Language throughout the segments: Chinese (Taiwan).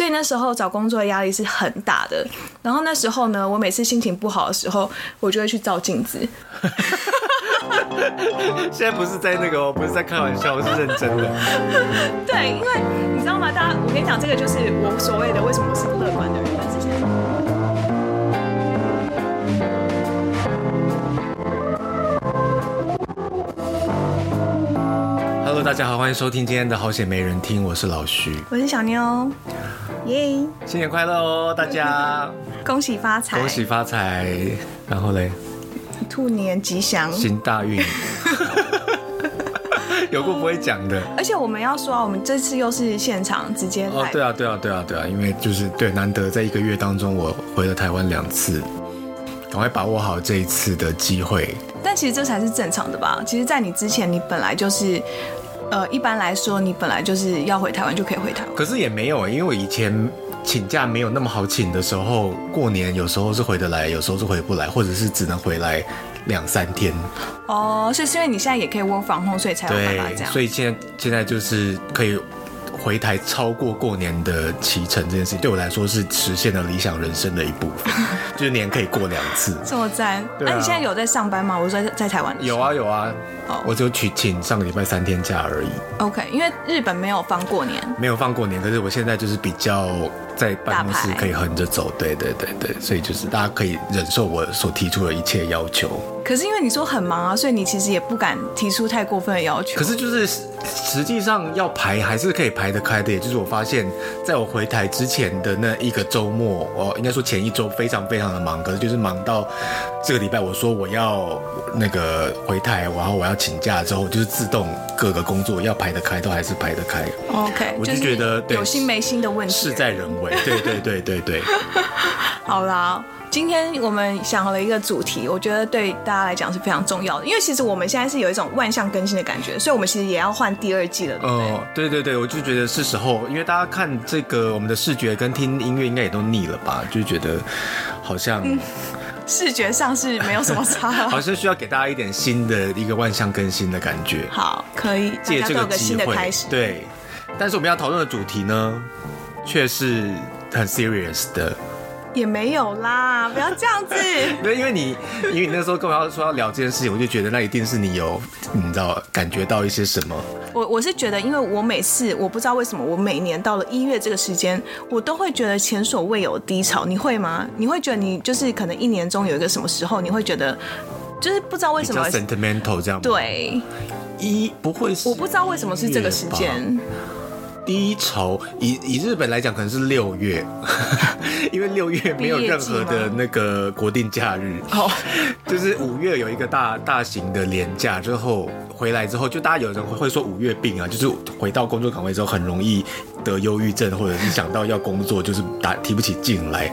所以那時候找工作的壓力是很大的。然後那時候呢，我每次心情不好的時候，我就會去照鏡子。 現在不是在那個，不是在開玩笑，我是認真的。 對，因為你知道嗎？大家，我跟你講，這個就是我所謂的為什麼我是不樂觀的人 Hello，大家好，歡迎收聽今天的好險沒人聽，我是老徐，我是小妞。耶、yeah.！新年快樂哦，大家！Okay. 恭喜發財！恭喜發財！然後嘞，兔年吉祥，行大運。 有夠不會講的、嗯。而且我們要說啊，我們這次又是現場直接來的。哦，對啊，對啊，對啊，對啊，因為就是對，難得在一個月當中，我回了台灣兩次，趕快把握好這一次的機會。但其實這才是正常的吧？其實，在你之前，你本來就是。呃，一般來說，你本來就是要回台灣，就可以回台灣。可是也沒有、欸，因為我以前請假沒有那麼好請的時候，過年有時候是回得來，有時候是回不來，或者是只能回來兩三天。哦，是是因為你現在也可以握房控，所以才有辦法這樣。所以現在現在就是可以。回台超過過年的啟程這件事情，對我來說是實現了理想人生的一部分， 就是年可以過兩次。這麼讚！那、啊啊、你現在有在上班嗎？我在在台灣。有啊有啊，oh. 我只有去請上個禮拜三天假而已。OK，因為日本沒有放過年，沒有放過年。可是我現在就是比較在辦公室可以橫着走，對對對對，所以就是大家可以忍受我所提出的一切要求。可是因為你說很忙啊，所以你其實也不敢提出太過分的要求。可是就是實際上要排還是可以排得開的。也就是我發現，在我回台之前的那一個週末，哦，應該說前一周非常非常的忙，可是就是忙到這個禮拜，我說我要那個回台，然後我要請假之後，就是自動各個工作要排得開，都還是排得開。OK，我就覺得、就是、有心沒心的問題，事在人為。對對對對對，對。 好啦。今天我們想了一個主題，我覺得對大家來講是非常重要的，因為其實我們現在是有一種萬象更新的感覺，所以我們其實也要換第二季了。哦、呃，對對對，我就覺得是時候，因為大家看這個我們的視覺跟聽音樂應該也都膩了吧，就覺得好像、嗯、視覺上是沒有什麼差， 好像需要給大家一點新的一個萬象更新的感覺。好，可以借這個機會，新的開始。對，但是我們要討論的主題呢，卻是很 serious 的。也沒有啦，不要這樣子。 因為你，因為你那時候跟我要說要聊這件事情，我就覺得那一定是你有，你知道感覺到一些什麼？我我是覺得，因為我每次我不知道為什麼，我每年到了一月這個時間，我都會覺得前所未有的低潮。你會嗎？你會覺得你就是可能一年中有一個什麼時候，你會覺得就是不知道為什麼叫 sentimental 這樣？對，一不會是，我不知道為什麼是這個時間。低潮，以以日本來講，可能是六月，因為六月沒有任何的那個國定假日，好，就是五月有一個大大型的連假，之後回來之後，就大家有人會說五月病啊，就是回到工作崗位之後很容易，得憂鬱症，或者是想到要工作就是打提不起勁來，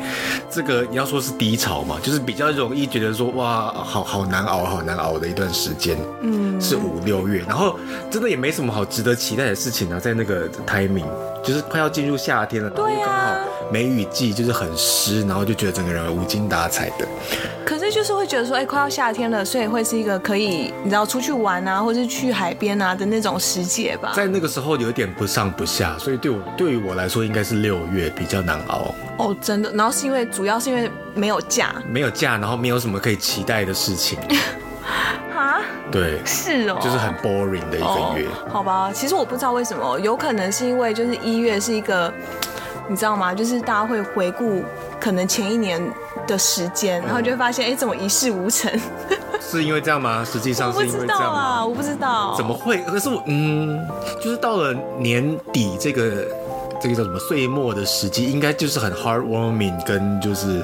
這個你要說是低潮嘛，就是比較容易覺得說哇，好好難熬，好難熬的一段時間，嗯，是五六月，然後真的也沒什麼好值得期待的事情呢、啊，在那個 timing，就是快要進入夏天了，對，剛好梅雨季就是很濕，然後就覺得整個人無精打采的。就，就是會覺得說，哎、欸，快要夏天了，所以會是一個可以你知道出去玩啊，或是去海邊啊的那種時節吧。在那個時候有點不上不下，所以對我對於我來說，應該是六月比較難熬哦，真的。然後是因為主要是因為沒有假，沒有假，然後沒有什麼可以期待的事情啊。 對，是哦，就是很 boring 的一個月。哦，好吧，其實我不知道為什麼，有可能是因為就是一月是一個。你知道嗎？就是大家會回顧可能前一年的時間，然後就會發現，哎、嗯欸，怎麼一事無成？ 是因為這樣嗎？實際上是因為這樣嗎？我不知道啊，我不知道。怎麼會？可是我嗯，就是到了年底這個這個叫什麼歲末的時機，應該就是很 heartwarming，跟就是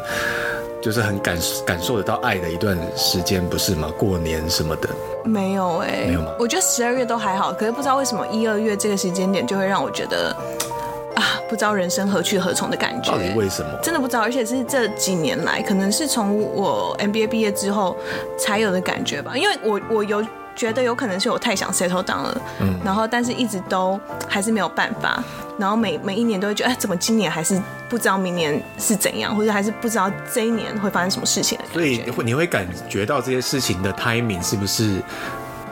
就是很感感受得到愛的一段時間，不是嗎？過年什麼的。沒有哎、欸。沒有嗎？我覺得十二月都還好，可是不知道為什麼一二月這個時間點就會讓我覺得。不知道人生何去何從的感覺，到底為什麼？真的不知道。而且是這幾年來，可能是從我 MBA 畢業之後才有的感覺吧。因為我我有覺得有可能是我太想 settle down 了，嗯，然後但是一直都還是沒有辦法，然後每每一年都會覺得，哎，怎麼今年還是不知道明年是怎樣，或者還是不知道這一年會發生什麼事情。所以你會感覺到這些事情的 timing 是不是？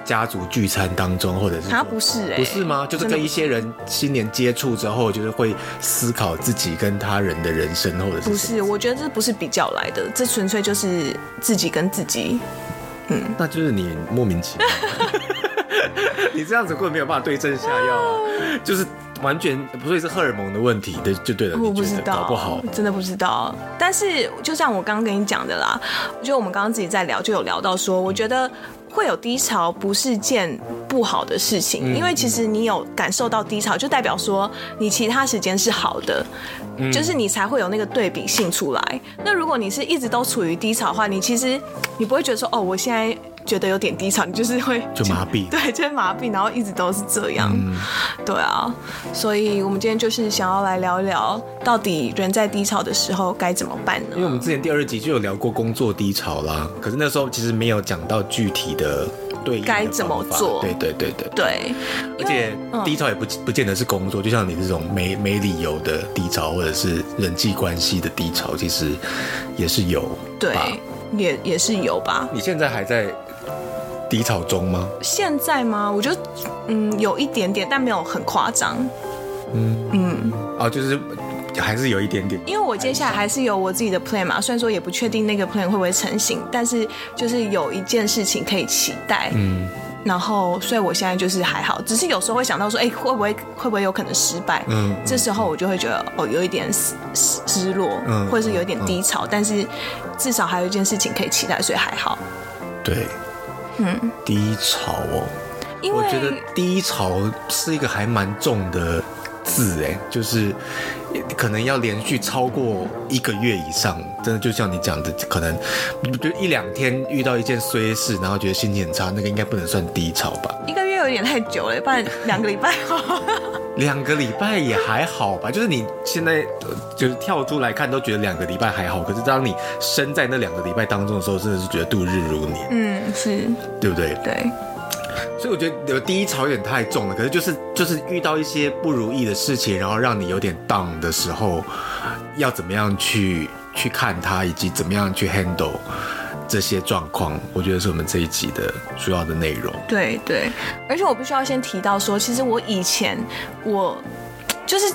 家族聚餐當中，或者是他不是哎、欸，不是嗎？就是跟一些人新年接觸之後，就是會思考自己跟他人的人生，或者是不是？我覺得這不是比較來的，這純粹就是自己跟自己。嗯，嗯那就是你莫名其妙， 你這樣子根本沒有辦法對症下藥、啊啊，就是完全不會是荷爾蒙的問題，對，就對了。我不知道，搞不好，真的不知道。但是就像我剛剛跟你講的啦，我覺得我們剛剛自己在聊，就有聊到說，嗯、我覺得。會有低潮不是件不好的事情，嗯，因為其實你有感受到低潮，就代表說你其他時間是好的，嗯，就是你才會有那個對比性出來。那如果你是一直都處於低潮的話，你其實你不會覺得說哦，我現在。覺得有點低潮，你就是會就麻痹，對，就會麻痹，然後一直都是這樣、嗯，對啊，所以我們今天就是想要來聊一聊，到底人在低潮的時候該怎麼辦呢？因為我們之前第二集就有聊過工作低潮啦，可是那時候其實沒有講到具體的對應該怎麼做，對對對對，對，而且低潮也不不見得是工作，就像你這種沒、嗯、沒理由的低潮，或者是人際關係的低潮，其實也是有，對，也也是有吧、嗯？你現在還在。低潮中嗎？現在嗎？我覺得，嗯，有一點點，但沒有很誇張。嗯嗯。哦、啊，就是還是有一點點。因為我接下來還是有我自己的 plan 嘛，雖然說也不確定那個 plan 會不會成型，但是就是有一件事情可以期待。嗯。然後，所以我現在就是還好，只是有時候會想到說，哎、欸，會不會會不會有可能失敗？嗯。嗯。這時候我就會覺得，哦，有一點失失落，嗯，或者是有一點低潮、嗯嗯，但是至少還有一件事情可以期待，所以還好。對。低潮哦，因為，我覺得低潮是一個還蠻重的字哎，就是可能要連續超過一個月以上，真的就像你講的，可能就一兩天遇到一件衰事，然後覺得心情很差，那個應該不能算低潮吧？一個月也太久了，不然兩個禮拜好。 兩個禮拜也還好吧，就是你現在就是跳出來看都覺得兩個禮拜還好，可是當你身在那兩個禮拜當中的時候，真的是覺得度日如年。嗯，是對不對？對。所以我覺得有低潮有點太重了，可是就是就是遇到一些不如意的事情，然後讓你有點 down 的時候，要怎麼樣去去看它，以及怎麼樣去 handle。這些狀況，我覺得是我們這一集的主要的內容。對對，而且我必須要先提到說，其實我以前我就是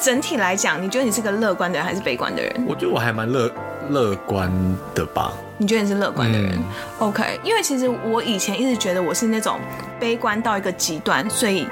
整體來講，你覺得你是個樂觀的人還是悲觀的人？我覺得我還蠻樂樂觀的吧。你覺得你是樂觀的人？嗯。OK，因為其實我以前一直覺得我是那種悲觀到一個極端，所以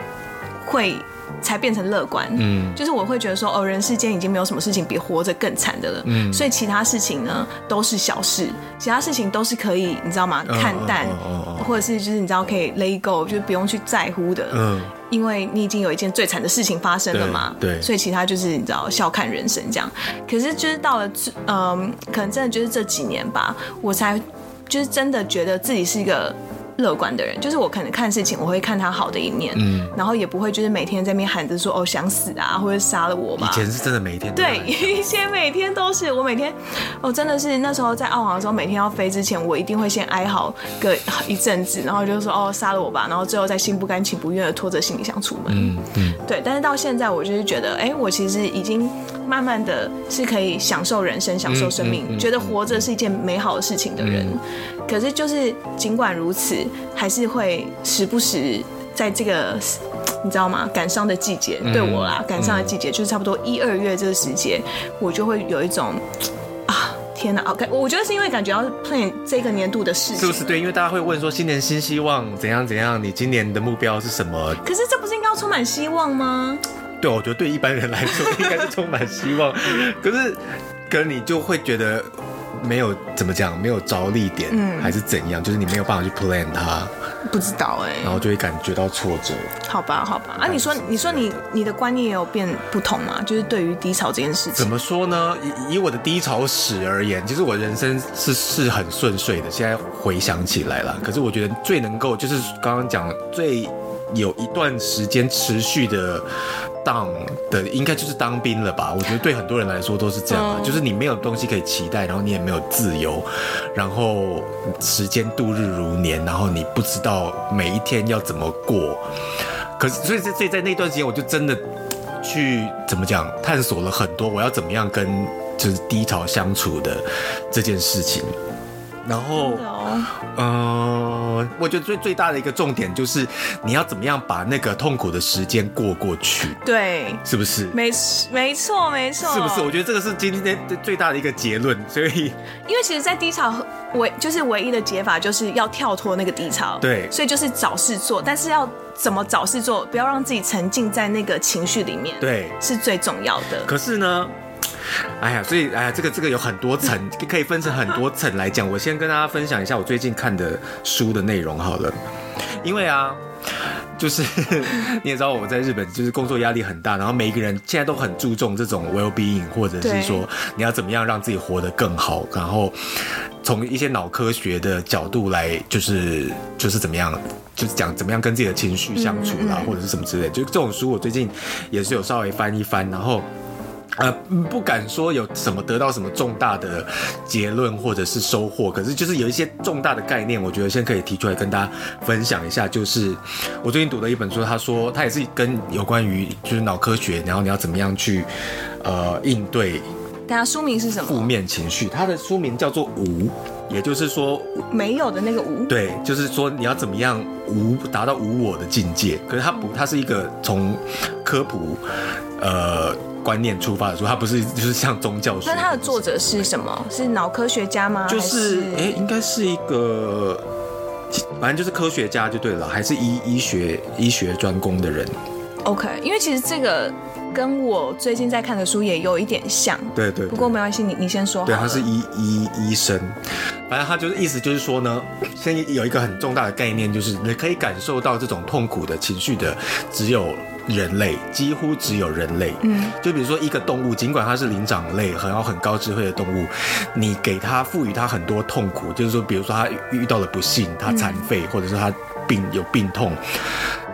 會。才變成樂觀，嗯，就是我會覺得說，哦，人世間已經沒有什麼事情比活着更慘的了，嗯，所以其他事情呢都是小事，其他事情都是可以，你知道嗎？看淡，哦哦哦哦，或者是就是你知道可以 let go，就是不用去在乎的，嗯，哦，因為你已經有一件最慘的事情發生了嘛，對，對，所以其他就是你知道笑看人生這樣，可是就是到了嗯，呃，可能真的就是這幾年吧，我才就是真的覺得自己是一個。樂觀的人，就是我可能看事情，我會看他好的一面，嗯，然後也不會就是每天在那邊喊着說哦，想死啊，或者殺了我吧。以前是真的每天都，對，以前每天都是，我每天，我、哦、真的是那時候在澳航的時候，每天要飛之前，我一定會先哀嚎個一陣子，然後就說哦，殺了我吧，然後最後再心不甘情不願的拖着行李箱出門，嗯，嗯，對。但是到現在，我就是覺得，哎、欸，我其實已經慢慢的是可以享受人生，嗯嗯、享受生命，嗯嗯、覺得活着是一件美好的事情的人。嗯可是，就是儘管如此，還是會時不時在這個你知道嗎？感傷的季節、嗯，對我啦，感傷的季節、嗯、就是差不多一二月這個時節，我就會有一種啊，天哪！OK，我覺得是因為感覺要 plan 這個年度的事情，是不是？對，因為大家會問說新年新希望怎樣怎樣，你今年的目標是什麼？可是這不是應該要充滿希望嗎？對，我覺得對一般人來說應該是充滿希望， 可是可能你就會覺得。沒有怎麼講，沒有着力點、嗯，還是怎樣？就是你沒有辦法去 plan 它，不知道哎、欸，然後就會感覺到挫折。好吧，好吧，啊，你，是是你說，你說你，你你的觀念也有變不同嗎？就是對於低潮這件事情，怎麼說呢？以我的低潮史而言，其、就、實、是、我人生是是很順遂的。現在回想起來了，可是我覺得最能夠，就是剛剛講最有一段時間持續的。上的應該就是當兵了吧？我覺得對很多人來說都是這樣的，就是你沒有東西可以期待，然後你也沒有自由，然後時間度日如年，然後你不知道每一天要怎麼過。可是，所以，所以，在那段時間，我就真的去怎麼講，探索了很多，我要怎麼樣跟就是低潮相處的這件事情。然後，嗯、哦呃，我覺得最最大的一個重點就是，你要怎麼樣把那個痛苦的時間過過去？對，是不是？沒沒錯沒錯，是不是？我覺得這個是今天最大的一個結論。所以，因為其實，在低潮唯就是唯一的解法，就是要跳脫那個低潮。對，所以就是找事做，但是要怎麼找事做？不要讓自己沉浸在那個情緒裡面。對，是最重要的。可是呢？哎呀，所以哎呀，這個這個有很多層，可以分成很多層來講。我先跟大家分享一下我最近看的書的內容好了。因為啊，就是你也知道，我在日本就是工作壓力很大，然後每一個人現在都很注重這種 well-being，或者是說你要怎麼樣讓自己活得更好。然後從一些腦科學的角度來，就是就是怎麼樣，就是講怎麼樣跟自己的情緒相處啦、啊，或者是什麼之類。就這種書，我最近也是有稍微翻一翻，然後。呃，不敢說有什麼得到什麼重大的結論或者是收穫，可是就是有一些重大的概念，我覺得先可以提出來跟大家分享一下。就是我最近讀了一本書，他說他也是跟有關於就是腦科學，然後你要怎麼樣去呃應對。它、啊、書名是什麼？負面情緒，他的書名叫做“無”，也就是說沒有的那個“無”。對，就是說你要怎麼樣無達到無我的境界。可是他不，他、嗯、是一個從科普呃觀念出發的書，他不是就是像宗教書。那他的作者是什麼？是腦科學家嗎？就是哎、欸，應該是一個反正就是科學家就對了，還是醫醫學醫學專攻的人。OK，因為其實這個。嗯跟我最近在看的書也有一點像，對對對。不過沒關係，你你先說。對，他是醫醫醫生，反正他就是意思就是說呢，現在有一個很重大的概念，就是你可以感受到這種痛苦的情緒的，只有人類，幾乎只有人類。嗯，就比如說一個動物，儘管它是靈長類，然後很高智慧的動物，你給它賦予它很多痛苦，就是說，比如說它遇到了不幸，它殘廢，或者是它病有病痛。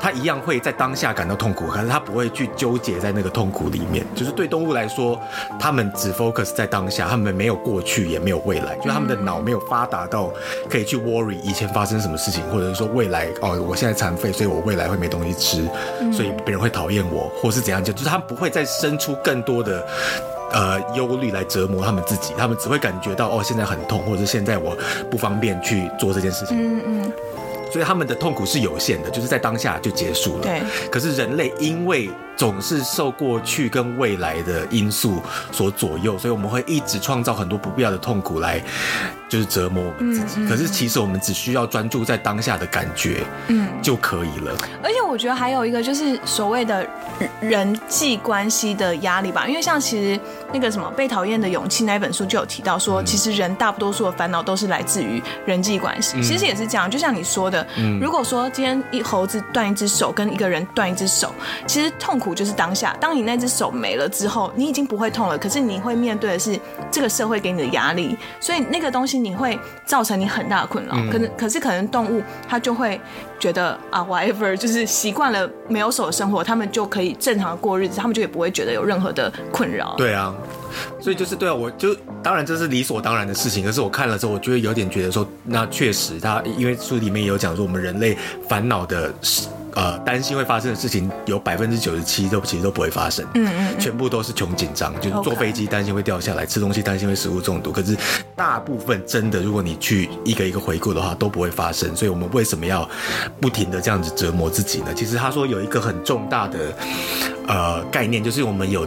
他一樣會在當下感到痛苦，可是他不會去糾結在那個痛苦裡面。就是對動物來說，他們只 focus 在當下，他們沒有過去，也沒有未來。就是、他們的腦沒有發達到可以去 worry 以前發生什麼事情，或者是說未來哦，我現在殘廢，所以我未來會沒東西吃，所以別人會討厭我，或是怎樣就，就是他們不會再生出更多的呃憂慮來折磨他們自己。他們只會感覺到哦，現在很痛，或者是現在我不方便去做這件事情。嗯嗯。所以他們的痛苦是有限的，就是在當下就結束了。對。可是人類因為總是受過去跟未來的因素所左右，所以我們會一直創造很多不必要的痛苦來，就是折磨我們自己。可是其實我們只需要專注在當下的感覺，嗯，就可以了。嗯。而且我覺得還有一個就是所謂的人際關係的壓力吧，因為像其實那個什麼被討厭的勇氣那一本書就有提到說，嗯。其實人大大多數的煩惱都是來自於人際關係。嗯。其實也是這樣，就像你說的。嗯，如果說今天一猴子斷一只手，跟一個人斷一只手，其實痛苦就是當下。當你那只手沒了之後，你已經不會痛了。可是你會面對的是這個社會給你的壓力，所以那個東西你會造成你很大的困擾。嗯，可能可是可能動物它就會覺得啊，whatever，就是習慣了沒有手的生活，他們就可以正常的過日子，他們就也不會覺得有任何的困擾。對啊。所以就是對啊，我就當然這是理所當然的事情。可是我看了之後，我就會有點覺得說，那確實他因為書裡面也有講說，我們人類煩惱的事，呃，擔心會發生的事情，有百分之九十七都其實都不會發生，嗯嗯，全部都是窮緊張，就是坐飛機擔心會掉下來，吃東西擔心會食物中毒。可是大部分真的，如果你去一個一個回顧的話，都不會發生。所以我們為什麼要不停的這樣子折磨自己呢？其實他說有一個很重大的呃概念，就是我們有。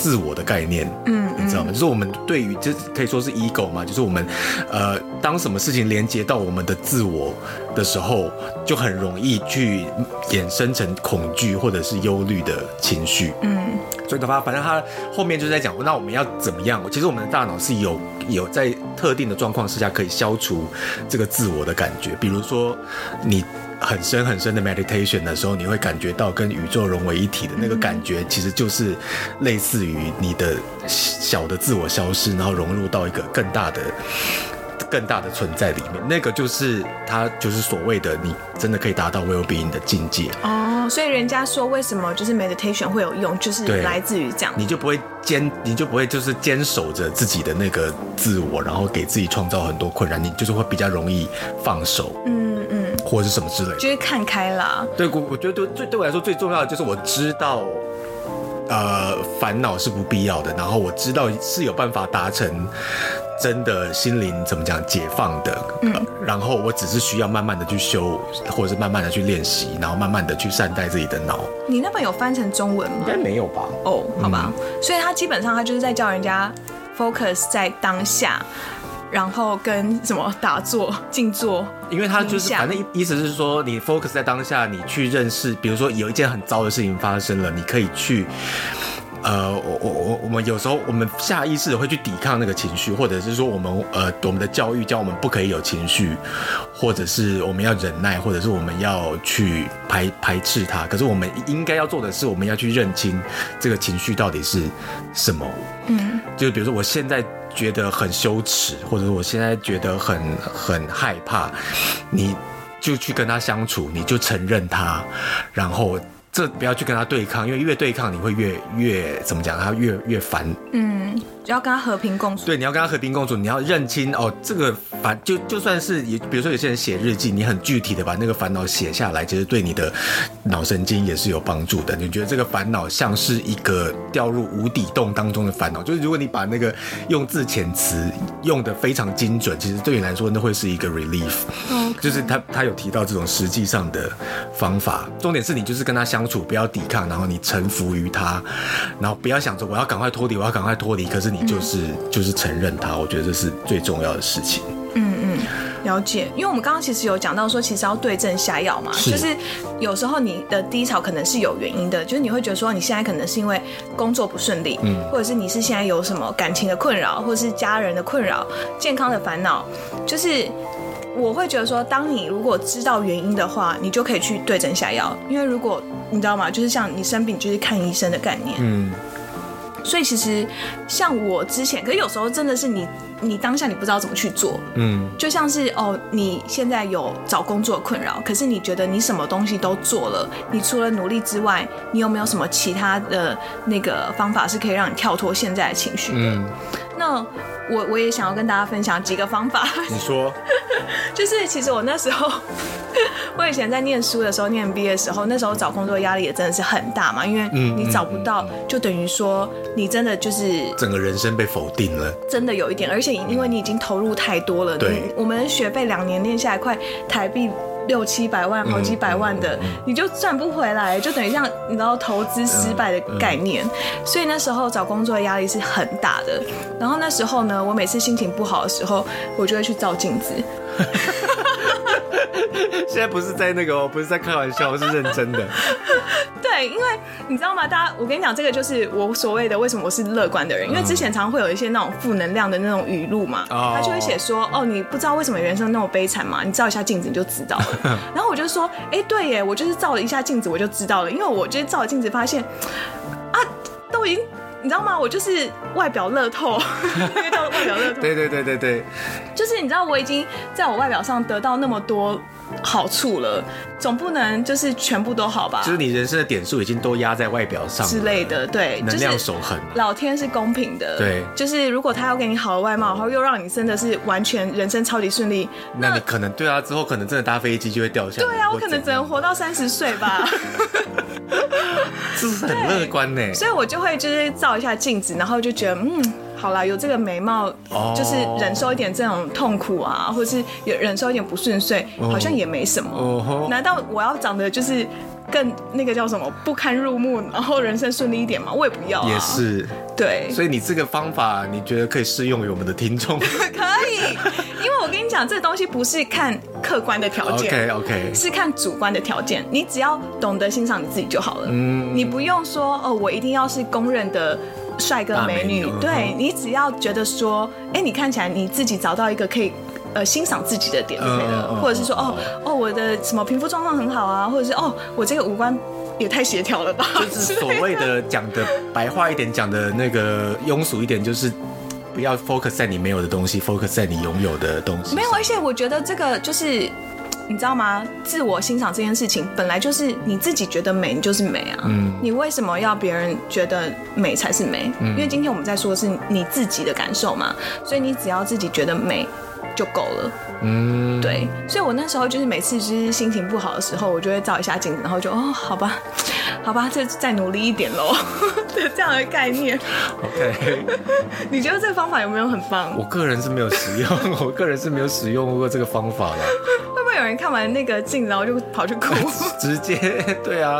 自我的概念，嗯，嗯，你知道嗎？就是我們對於，這可以說是 ego 嘛，就是我們，呃，當什麼事情連接到我們的自我的時候，就很容易去衍生成恐懼或者是憂慮的情緒。嗯，所以的話，反正他後面就在講，那我們要怎麼樣？其實我們的大腦是有有在特定的狀況之下可以消除這個自我的感覺，比如說你。很深很深的 meditation 的時候，你會感覺到跟宇宙融為一體的那個感覺，嗯、其實就是類似於你的小的自我消失，然後融入到一個更大的、更大的存在裡面。那個就是它，就是所謂的你真的可以達到 well being 的境界。哦，所以人家說為什麼就是 meditation 會有用，就是來自於這樣，你就不會堅，你就不會就是堅守着自己的那個自我，然後給自己創造很多困難，你就是會比較容易放手。嗯嗯。或者是什麼之類，就是看開了。對，我我覺得對對對我來說最重要的就是我知道，呃，煩惱是不必要的。然後我知道是有辦法達成真的心靈怎麼講解放的、呃。嗯，然後我只是需要慢慢的去修，或者是慢慢的去練習，然後慢慢的去善待自己的腦。你那本有翻成中文嗎？應該沒有吧？哦、oh，好吧、嗯。所以他基本上他就是在叫人家 focus 在當下。然後跟什麼打坐、靜坐，因為他就是反正意思是說，你 focus 在當下，你去認識，比如說有一件很糟的事情發生了，你可以去，呃，我我我我們有時候我們下意識的會去抵抗那個情緒，或者是說我們呃我們的教育教我們不可以有情緒，或者是我們要忍耐，或者是我們要去排排斥它。可是我們應該要做的是，我們要去認清這個情緒到底是什麼。嗯，就比如說我現在。覺得很羞恥，或者我現在覺得很很害怕，你就去跟他相處，你就承認他，然後。這不要去跟他對抗，因為越對抗你會越越，越怎麼講，他越越煩。嗯，要跟他和平共處。對，你要跟他和平共處，你要認清哦，這個煩就就算是也，比如說有些人寫日記，你很具體的把那個煩惱寫下來，其實對你的腦神經也是有幫助的。你覺得這個煩惱像是一個掉入無底洞當中的煩惱？就是如果你把那個用字遣詞用的非常精準，其實對你來說那會是一個 relief。哦、okay.，就是他他有提到這種實際上的方法，重點是你就是跟他相。相處不要抵抗，然後你臣服於他，然後不要想着我要趕快脫離，我要趕快脫離。可是你就是、嗯、就是承認他，我覺得這是最重要的事情。嗯嗯，了解。因為我們剛剛其實有講到說，其實要對症下藥嘛，就是有時候你的低潮可能是有原因的，就是你會覺得說你現在可能是因為工作不順利，嗯，或者是你是現在有什麼感情的困擾，或者是家人的困擾、健康的煩惱，就是。我會覺得說，當你如果知道原因的話，你就可以去對症下藥。因為如果你知道嗎，就是像你生病就是看醫生的概念。嗯。所以其實像我之前，可是有時候真的是你，你當下你不知道怎麼去做。嗯。就像是哦，你現在有找工作困擾，可是你覺得你什麼東西都做了，你除了努力之外，你有沒有什麼其他的那個方法是可以讓你跳脫現在的情緒的？嗯那我我也想要跟大家分享幾個方法。你說， 就是其實我那時候，我以前在念書的時候，念畢業的時候，那時候找工作壓力也真的是很大嘛，因為你找不到，嗯嗯，就等於說你真的就是整個人生被否定了，真的有一點，而且因為你已經投入太多了，對，我們學費兩年念下來，快台幣。六七百萬、好幾百萬的。嗯嗯嗯、你就賺不回來，就等於像這樣，你知道投資失敗的概念。所以那時候找工作的壓力是很大的。然後那時候呢，我每次心情不好的時候，我就會去照鏡子。 現在不是在那個，我不是在開玩笑，我是認真的。 對，因為你知道嗎？大家，我跟你講，這個就是我所謂的為什麼我是樂觀的人、哦，因為之前常常會有一些那種負能量的那種語錄嘛、哦，他就會寫說，哦，你不知道為什麼人生那麼悲慘嘛？你照一下鏡子你就知道了。 然後我就說，哎、欸，對耶，我就是照了一下鏡子，我就知道了，因為我就是照了鏡子發現，啊，都已經。你知道嗎？我就是外表樂透，外表樂透。對對對對對，就是你知道，我已經在我外表上得到那麼多。好處了，總不能就是全部都好吧？就是你人生的點數已經都壓在外表上之類的，對，能量守恆，就是、老天是公平的，對，就是如果他要給你好的外貌，然、哦、後又讓你真的是完全人生超級順利、哦那，那你可能對啊，之後可能真的搭飛機就會掉下來，對啊，我可能只能活到三十歲吧，這 是很樂觀呢，所以我就會就是照一下鏡子，然後就覺得嗯。好了，有這個眉毛，oh, 就是忍受一點這種痛苦啊，或者是忍受一點不順遂，oh, 好像也沒什麼。Oh, oh. 難道我要長得就是更那個叫什麼不堪入目，然後人生順利一點嗎？我也不要啊。也是，對。所以你這個方法，你覺得可以適用於我們的聽眾？ 可以，因為我跟你講， 這個東西不是看客觀的條件，OK OK，是看主觀的條件。你只要懂得欣賞你自己就好了。嗯，你不用說哦，我一定要是公認的。帥哥美女，啊、美女對、嗯、你只要覺得說，哎、欸，你看起來你自己找到一個可以，呃，欣賞自己的點就可以了、嗯，或者是說，哦哦，哦，哦，我的什麼皮膚狀況很好啊，或者是哦，我這個五官也太協調了吧？就是所謂的講的白話一點， 講的那個庸俗一點，就是不要 focus 在你沒有的東西 ，focus 在你擁有的東西。沒有，而且我覺得這個就是。你知道嗎？自我欣賞這件事情，本來就是你自己覺得美，你就是美啊。嗯，你為什麼要別人覺得美才是美？嗯，因為今天我們在說的是你自己的感受嘛，所以你只要自己覺得美就夠了。嗯，對，所以我那時候就是每次就是心情不好的時候，我就會照一下鏡子，然後就哦，好吧，好吧，這再努力一點嘍，對，這樣的概念。OK，你覺得這個方法有沒有很棒？我個人是沒有使用，我個人是沒有使用過這個方法的。 會不會有人看完那個鏡子，然後就跑去哭？直接對啊，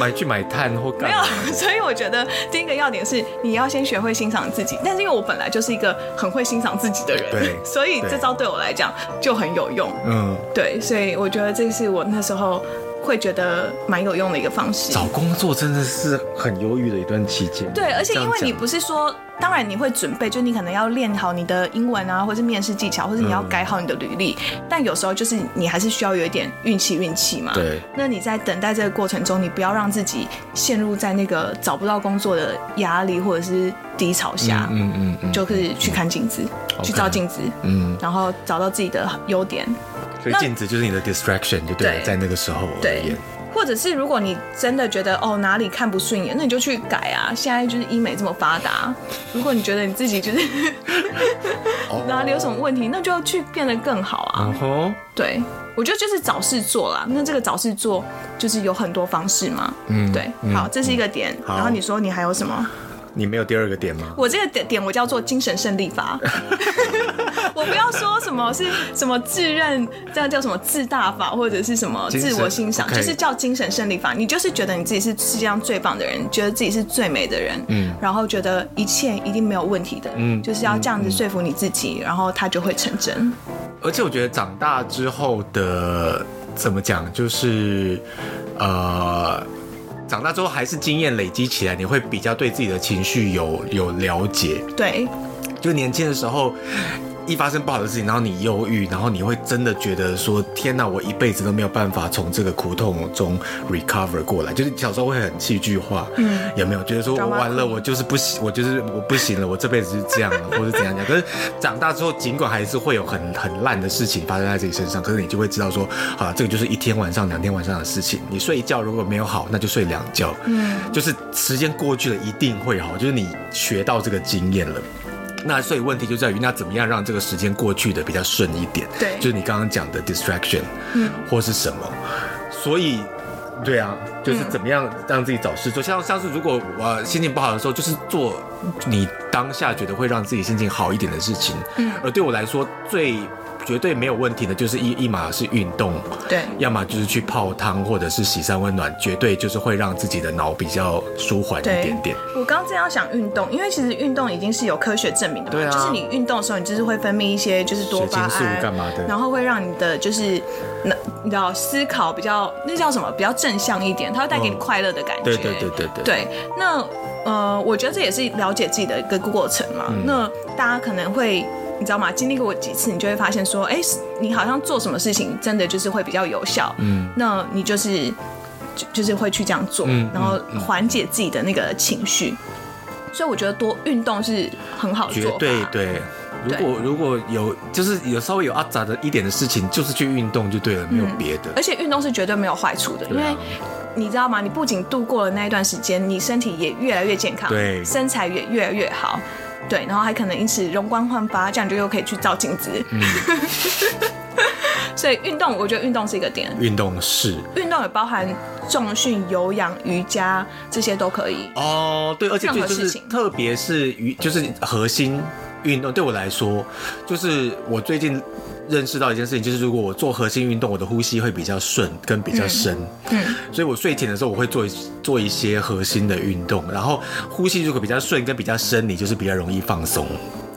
買去買炭或幹沒有。所以我覺得第一個要點是你要先學會欣賞自己，但是因為我本來就是一個很會欣賞自己的人，對所以對這招對我來講。就很有用，嗯，對，所以我覺得這是我那時候，會覺得蠻有用的一個方式。找工作真的是很憂鬱的一段期間。對，而且因為你不是說，當然你會準備，就你可能要練好你的英文啊，或者是面試技巧，或者你要改好你的履歷，嗯。但有時候就是你還是需要有一點運氣，運氣嘛。對。那你在等待這個過程中，你不要讓自己陷入在那個找不到工作的壓力或者是低潮下。嗯嗯，嗯，嗯。就可、是、以去看鏡子，嗯，去照鏡子。Okay, 嗯。然後找到自己的優點。所以鏡子就是你的 distraction，就對，對，在那個時候對，或者是如果你真的覺得哦，哪裡看不順眼，那你就去改啊。現在就是醫美這麼發達，如果你覺得你自己就是 哪裡有什麼問題，oh. 那就要去變得更好啊。嗯哼，對，我覺得就是找事做啦。那這個找事做就是有很多方式嘛。嗯，對，好，這是一個點。嗯、然後你說你還有什麼？你沒有第二個點嗎？我這個點點我叫做精神勝利法。 我不要說什麼是什麼自認這樣叫什麼自大法或者是什麼自我欣賞，就是叫精神勝利法。Okay. 你就是覺得你自己是世界上最棒的人，覺得自己是最美的人，嗯，然後覺得一切一定沒有問題的，嗯，就是要這樣子說服你自己，嗯嗯、然後他就會成真。而且我覺得長大之後的怎麼講，就是呃，長大之後還是經驗累積起來，你會比較對自己的情緒有有了解。對，就年輕的時候。一發生不好的事情，然後你憂鬱，然後你會真的覺得說：“天哪，我一輩子都沒有辦法從這個苦痛中 recover 過來。”就是小時候會很戲劇化，嗯，有沒有？覺得說我完了，我就是不行，我就是我不行了，我這輩子是這樣了， 或者怎樣這樣？可是長大之後，儘管還是會有很很爛的事情發生在自己身上，可是你就會知道說：“啊，這個就是一天晚上、兩天晚上的事情。你睡一覺如果沒有好，那就睡兩覺。”嗯，就是時間過去了，一定會好。就是你學到這個經驗了。那所以問題就在於，那怎麼樣讓這個時間過去的比較順一點？對，就是你剛剛講的 distraction，嗯，或是什麼？所以，對啊，就是怎麼樣讓自己找事做？像上次如果我心情不好的時候，就是做你當下覺得會讓自己心情好一點的事情。嗯，而對我來說最。絕對沒有問題的，就是一一嘛是運動，對，要麼就是去泡湯，或者是洗三溫暖，絕對就是會讓自己的腦比較舒緩一點點。我剛剛正要想運動，因為其實運動已經是有科學證明的嘛對、啊，就是你運動的時候，你就是會分泌一些就是多巴胺，幹嘛的，然後會讓你的就是那你知道思考比較那叫什麼，比較正向一點，它會帶給你快樂的感覺。對、嗯、對對對對。對，那呃，我覺得這也是了解自己的一個過程嘛。嗯、那大家可能會。你知道嗎？經歷過幾次，你就會發現說，哎、欸，你好像做什麼事情真的就是會比較有效。嗯，那你就是就就是會去這樣做，嗯、然後緩解自己的那個情緒、嗯嗯。所以我覺得多運動是很好的做法。絕對，對，如果如果有就是有稍微有阿雜的一點的事情，就是去運動就對了，沒有別的、嗯。而且運動是絕對沒有壞處的、啊，因為你知道嗎？你不僅度過了那一段時間，你身體也越來越健康，對，身材也越來越好。對，然後還可能因此容光煥發，這樣就又可以去照鏡子。嗯， 所以運動，我覺得運動是一個點。運動是，運動也包含重訓、有氧、瑜伽這些都可以。哦，對，而且就是，事情，特別是就是核心運動，對我來說，就是我最近，認識到一件事情，就是如果我做核心運動，我的呼吸會比較順跟比較深。對、嗯嗯，所以我睡前的時候我會做做一些核心的運動，然後呼吸如果比較順跟比較深，你就是比較容易放鬆。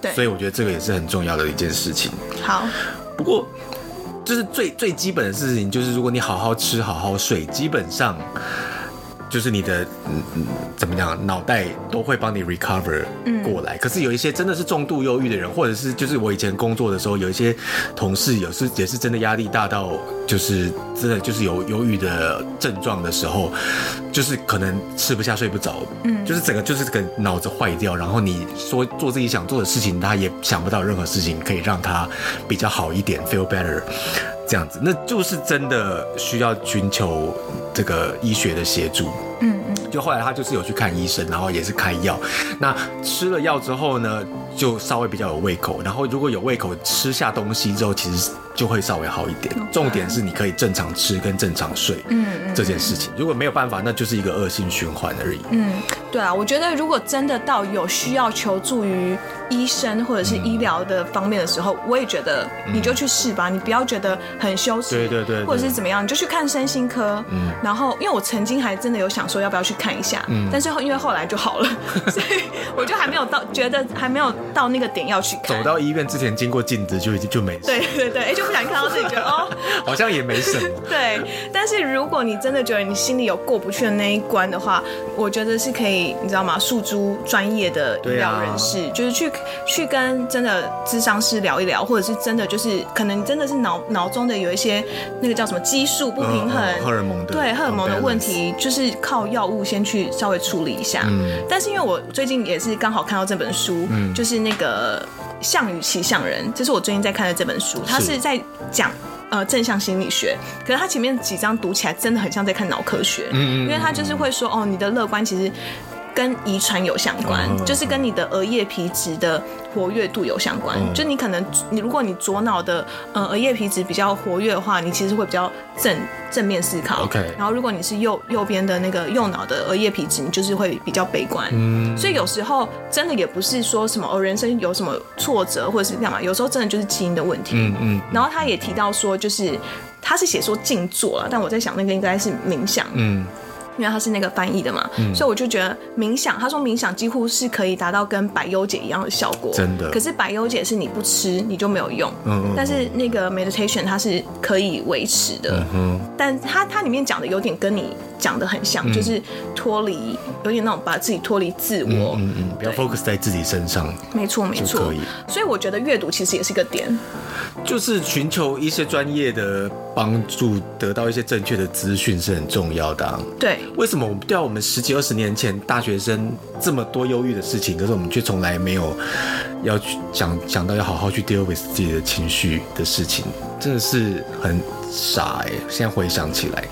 對，所以我覺得這個也是很重要的一件事情。好、嗯，不過就是最最基本的事情，就是如果你好好吃、好好睡，基本上。就是你的嗯嗯，怎麼樣，腦袋都會幫你 recover 過來，嗯。可是有一些真的是重度憂鬱的人，或者是就是我以前工作的時候，有一些同事也是也是真的壓力大到就是真的就是有憂鬱的症狀的時候，就是可能吃不下睡不着，嗯，就是整個就是個腦子壞掉。然後你說做自己想做的事情，他也想不到任何事情可以讓他比較好一點，feel better。這樣子，那就是真的需要尋求這個醫學的協助。嗯嗯，就後來他就是有去看醫生，然後也是開藥。那吃了藥之後呢，就稍微比較有胃口。然後如果有胃口，吃下東西之後，其實就會稍微好一點。Okay. 重點是你可以正常吃跟正常睡。嗯嗯，這件事情如果沒有辦法，那就是一個惡性循環而已。嗯，對啊，我覺得如果真的到有需要求助於醫生或者是醫療的方面的時候，嗯，我也覺得你就去試吧，嗯，你不要覺得很羞恥，對對對，對，或者是怎麼樣，你就去看身心科。嗯，然後因為我曾經還真的有想。說要不要去看一下？嗯，但是後因為後來就好了，所以我就還沒有到 覺得還沒有到那個點要去看。走到醫院之前，經過鏡子就已經就沒事了。對對對，哎、欸，就不想看到自己，覺得哦， 好像也沒什麼。對，但是如果你真的覺得你心裡有過不去的那一關的話，我覺得是可以，你知道嗎？訴諸專業的醫療人士、啊，就是去去跟真的諮商師聊一聊，或者是真的就是可能真的是腦腦中的有一些那個叫什麼激素不平衡、呃呃、荷爾蒙的對荷爾蒙的問題，就是靠。要藥物先去稍微處理一下，嗯、但是因為我最近也是剛好看到這本書，嗯、就是那個《象與騎象人》，這、就是我最近在看的這本書，他是在講呃正向心理學，可是他前面幾章讀起來真的很像在看腦科學，嗯嗯嗯、因為他就是會說哦，你的樂觀其實。跟遺傳有相關，oh, oh, oh. 就是跟你的額葉皮質的活躍度有相關。Oh, oh. 就你可能，你如果你左腦的呃額葉皮質比較活躍的話，你其實會比較正正面思考。OK。然後如果你是右右邊的那個右腦的額葉皮質，你就是會比較悲觀。嗯。所以有時候真的也不是說什麼人生有什麼挫折或者是幹嘛，有時候真的就是基因的問題。嗯嗯。然後他也提到說，就是他是寫說靜坐了，但我在想那個應該是冥想。嗯。因為他是那個翻譯的嘛、嗯，所以我就覺得冥想。他說冥想幾乎是可以達到跟百憂解一樣的效果，真的。可是百憂解是你不吃你就沒有用，嗯嗯。但是那個 meditation 它是可以維持的，嗯。但它它裡面講的有點跟你講的很像，嗯、就是脫離，有點那種把自己脫離自我，嗯嗯，嗯，不要 focus 在自己身上，沒錯沒錯。所以我覺得閱讀其實也是一個點，就是尋求一些專業的幫助，得到一些正確的資訊是很重要的、啊，對。為什麼我們掉我們十幾二十年前大學生這麼多憂鬱的事情，可是我們卻從來沒有要去想想到要好好去 deal with 自己的情緒的事情，真的是很傻哎，欸！現在回想起來，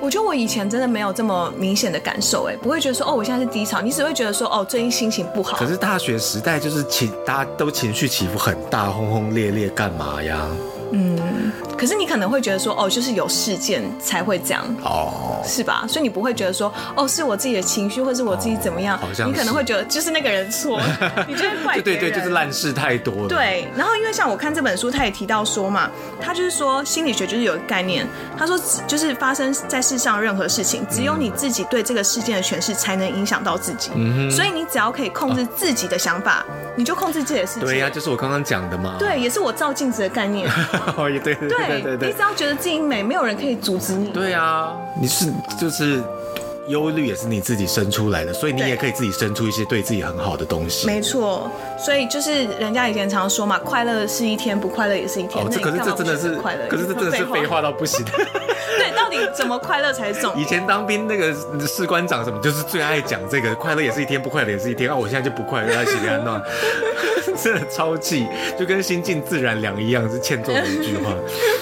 我覺得我以前真的沒有這麼明顯的感受哎，欸，不會覺得說哦，我現在是低潮，你只會覺得說哦，最近心情不好。可是大學時代就是情，大家都情緒起伏很大，轟轟烈烈幹嘛呀？嗯。可是你可能會覺得說，哦，就是有事件才會這樣，哦，是吧？所以你不會覺得說，哦，是我自己的情緒，或是我自己怎麼樣？哦、好像是。你可能會覺得就是那個人錯， 你就會怪就對對，就是爛事太多了。對，然後因為像我看這本書，他也提到說嘛，他就是說心理學就是有個概念，他說只就是發生在世上任何事情，只有你自己對這個事件的詮釋才能影響到自己。嗯哼。所以你只要可以控制自己的想法，哦，你就控制自己的事情。對呀，啊，就是我剛剛講的嘛。對，也是我照鏡子的概念。哦，也對。對。對對，你只要覺得自己美，沒有人可以阻止你。對啊，你是就是憂慮也是你自己生出來的，所以你也可以自己生出一些對自己很好的東西。沒錯，所以就是人家以前常說嘛，快樂是一天，不快樂也是一天。哦，這可是這真的是快樂，可是這真的是廢話到不行。對，到底怎麼快樂才重要？以前當兵那個士官長什麼，就是最愛講這個，快樂也是一天，不快樂也是一天。啊，我現在就不快樂啊，今天 真的超氣，就跟心靜自然涼一樣，是欠揍的一句話。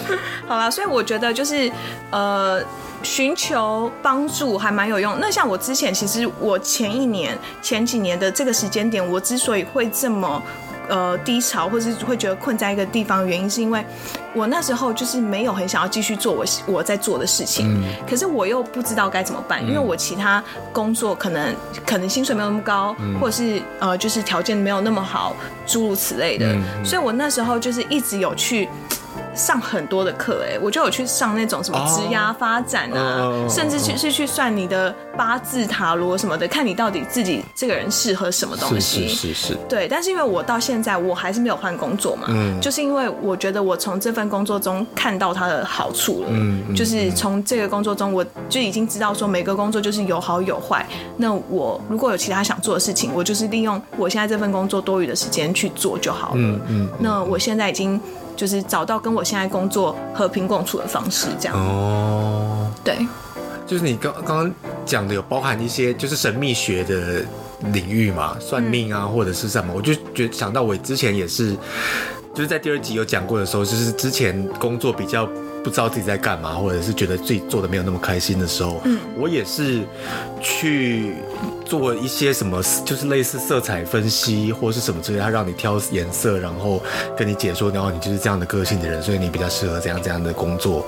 好啦，所以我覺得就是呃，尋求幫助還蠻有用。那像我之前，其實我前一年、前幾年的這個時間點，我之所以會這麼。呃，低潮，或者是會覺得困在一個地方，原因是因為我那時候就是沒有很想要繼續做我我在做的事情，嗯，可是我又不知道該怎麼辦，嗯，因為我其他工作可能可能薪水沒有那麼高，嗯，或者是呃，就是條件沒有那麼好，諸如此類的，嗯嗯，所以我那時候就是一直有去。上很多的課哎、欸，我就有去上那種什麼職涯發展啊，哦哦、甚至去是去算你的八字塔羅什麼的，看你到底自己這個人適合什麼東西，是是是是，對。但是因為我到現在我還是沒有換工作嘛、嗯，就是因為我覺得我從這份工作中看到它的好處了，嗯、就是從這個工作中我就已經知道說每個工作就是有好有壞、嗯嗯。那我如果有其他想做的事情，我就是利用我現在這份工作多餘的時間去做就好了。嗯嗯，那我現在已經。就是找到跟我現在工作和平共處的方式，這樣哦，對，就是你剛剛講的有包含一些就是神秘學的領域嘛，嗯、算命啊或者是什麼，我就覺得想到我之前也是，就是在第二集有講過的時候，就是之前工作比較。不知道自己在幹嘛，或者是覺得自己做的沒有那麼開心的時候，嗯，我也是去做一些什麼，就是類似色彩分析，或是什麼之類的，他讓你挑顏色，然後跟你解說，然後你就是這樣的個性的人，所以你比較適合這樣這樣的工作。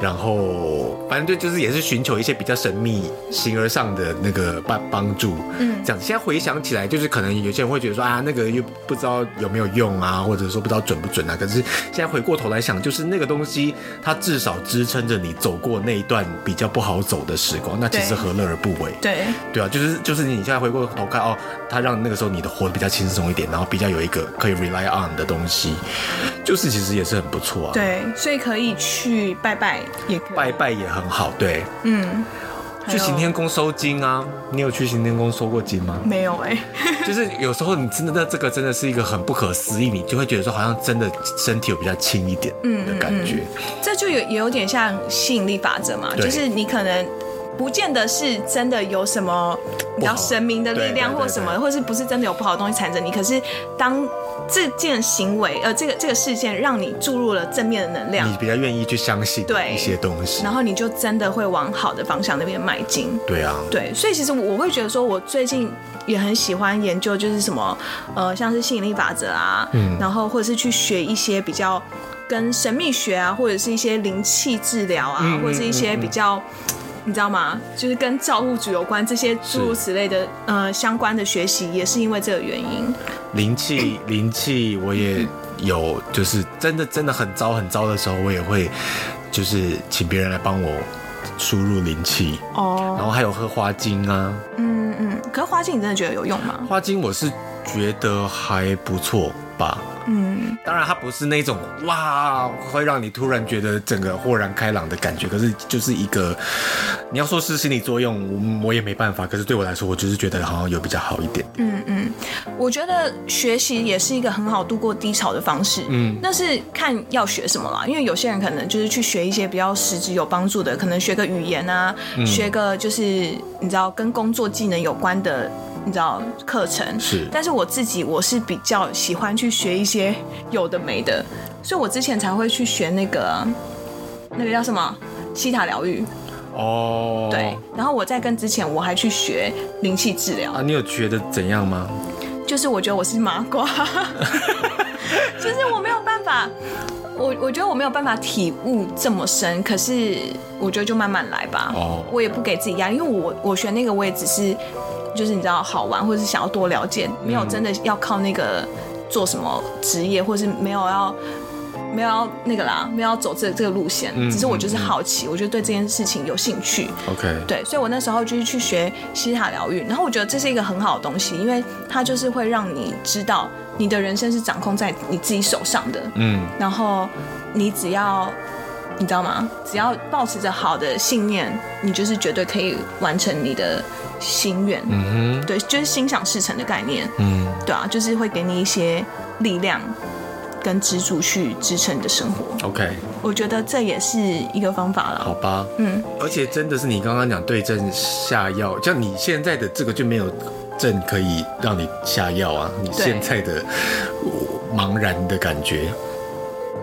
然後，反正就就是也是尋求一些比較神秘、形而上的那個幫幫助，嗯，這樣子。現在回想起來，就是可能有些人會覺得說啊，那個又不知道有沒有用啊，或者說不知道準不準啊。可是現在回過頭來想，就是那個東西，它至少支撐着你走過那一段比較不好走的時光。那其實何樂而不為？對，對，對啊，就是就是你現在回過頭看，哦，它讓那個時候你的活得比較輕鬆一點，然後比較有一個可以 rely on 的東西，就是其實也是很不錯啊。對，所以可以去拜拜。也拜拜也很好，對，嗯，去行天宮收金啊？你有去行天宮收過金嗎？沒有哎，欸， 就是有時候你真的，那這個真的是一個很不可思議，你就會覺得說好像真的身體有比較輕一點，嗯的感覺，嗯嗯嗯，這就有也有點像吸引力法則嘛，就是你可能。不見得是真的有什麼比較神明的力量，或什麼，對對對對，或是不是真的有不好的東西纏着你。可是，當這件行為，呃，這個這個事件，讓你注入了正面的能量，你比較願意去相信對一些東西，然後你就真的會往好的方向那邊邁進。對啊，對，所以其實我會覺得說，我最近也很喜歡研究，就是什麼，呃，像是吸引力法則啊、嗯，然後或者是去學一些比較跟神秘學啊，或者是一些靈氣治療啊、嗯，或者是一些比較。你知道嗎？就是跟造物主有關，這些諸如此類的呃相關的學習，也是因為這個原因。靈氣，靈氣， 靈氣我也有，就是真的真的很糟很糟的時候，我也會就是請別人來幫我輸入靈氣哦。Oh. 然後還有喝花精啊，嗯嗯。可是花精，你真的覺得有用嗎？花精，我是覺得還不錯吧。嗯，當然，它不是那種哇，會讓你突然覺得整個豁然開朗的感覺。可是，就是一個，你要說是心理作用，我我也沒辦法。可是對我來說，我就是覺得好像有比較好一點。嗯嗯，我覺得學習也是一個很好度過低潮的方式。嗯，但是看要學什麼啦，因為有些人可能就是去學一些比較實質有幫助的，可能學個語言啊，學個就是你知道跟工作技能有關的。你知道課程是，但是我自己我是比較喜歡去學一些有的沒的，所以我之前才會去學那個、啊、那個叫什麼西塔療癒哦，對，然後我在跟之前我還去學靈氣治療啊，你有覺得怎樣嗎？就是我覺得我是麻瓜， 就是我沒有辦法，我我覺得我沒有辦法體悟這麼深，可是我覺得就慢慢來吧，哦、我也不給自己壓力，因為我我學那個我也只是。就是你知道好玩，或者是想要多了解，沒有真的要靠那個做什麼職業，嗯、或者是沒有要沒有要那個啦，沒有要走這這個路線，嗯。只是我就是好奇，嗯嗯、我覺得對這件事情有興趣。OK。對，所以我那時候就是去學西塔療癒，然後我覺得這是一個很好的東西，因為它就是會讓你知道，你的人生是掌控在你自己手上的。嗯。然後你只要你知道嗎？只要保持着好的信念，你就是絕對可以完成你的。心願，嗯對，就是心想事成的概念，嗯，對啊，就是會給你一些力量跟支柱去支撐你的生活。OK，我覺得這也是一個方法啦，好吧，嗯，而且真的是你剛剛講對症下藥，像你現在的這個就沒有症可以讓你下藥啊，你現在的茫然的感覺。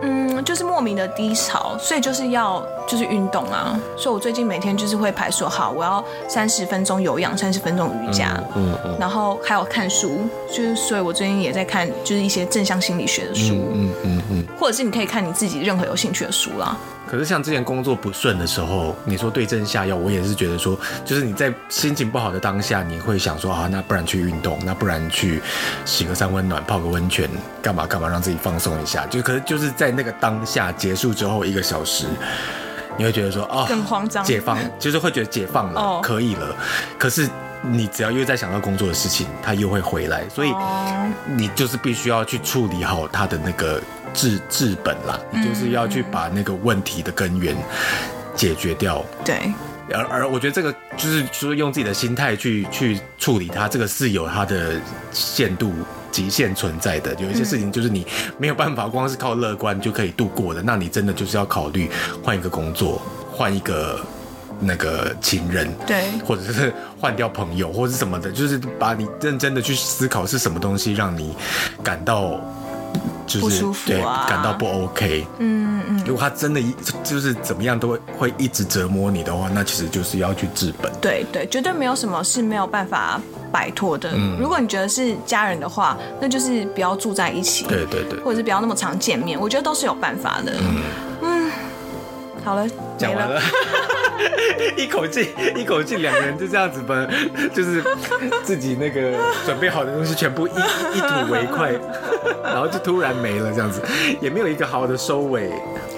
嗯，就是莫名的低潮，所以就是要就是運動啊。所以我最近每天就是會排說，好，我要三十分鐘有氧，三十分鐘瑜伽嗯嗯嗯，嗯，然後還有看書，就是所以，我最近也在看就是一些正向心理學的書，嗯嗯嗯，嗯，或者是你可以看你自己任何有興趣的書啦。可是像之前工作不順的時候，你說對症下藥，我也是覺得說，就是你在心情不好的當下，你會想說啊，那不然去運動，那不然去洗個三溫暖，泡個溫泉，幹嘛幹嘛，讓自己放鬆一下。就可是就是在那個當下結束之後一個小時，你會覺得說啊，更、哦、慌張，解放，就是會覺得解放了、嗯，可以了。可是你只要又在想到工作的事情，它又會回來，所以你就是必須要去處理好他的那個。治治本啦，你就是要去把那個問題的根源解決掉。嗯嗯，對，而而我覺得這個就是說、就是，用自己的心態去去處理它，這個是有它的限度極限存在的。有一些事情就是你沒有辦法光是靠樂觀就可以度過的，那你真的就是要考慮換一個工作，換一個那個情人，對，或者是換掉朋友或者是什麼的，就是把你認真的去思考是什麼東西讓你感到，就是、不舒服、啊，感到不 OK。嗯嗯，如果他真的，一就是怎麼樣都會會一直折磨你的話，那其實就是要去治本。對對，絕對沒有什麼是沒有辦法擺脫的、嗯。如果你覺得是家人的話，那就是不要住在一起。對對對，或者是不要那麼常見面。我覺得都是有辦法的。嗯，嗯好了。講完了，沒了 一氣，一口氣一口氣，兩個人就這樣子吧，就是自己那個準備好的東西全部一一吐為快，然後就突然沒了，這樣子也沒有一個好好的收尾。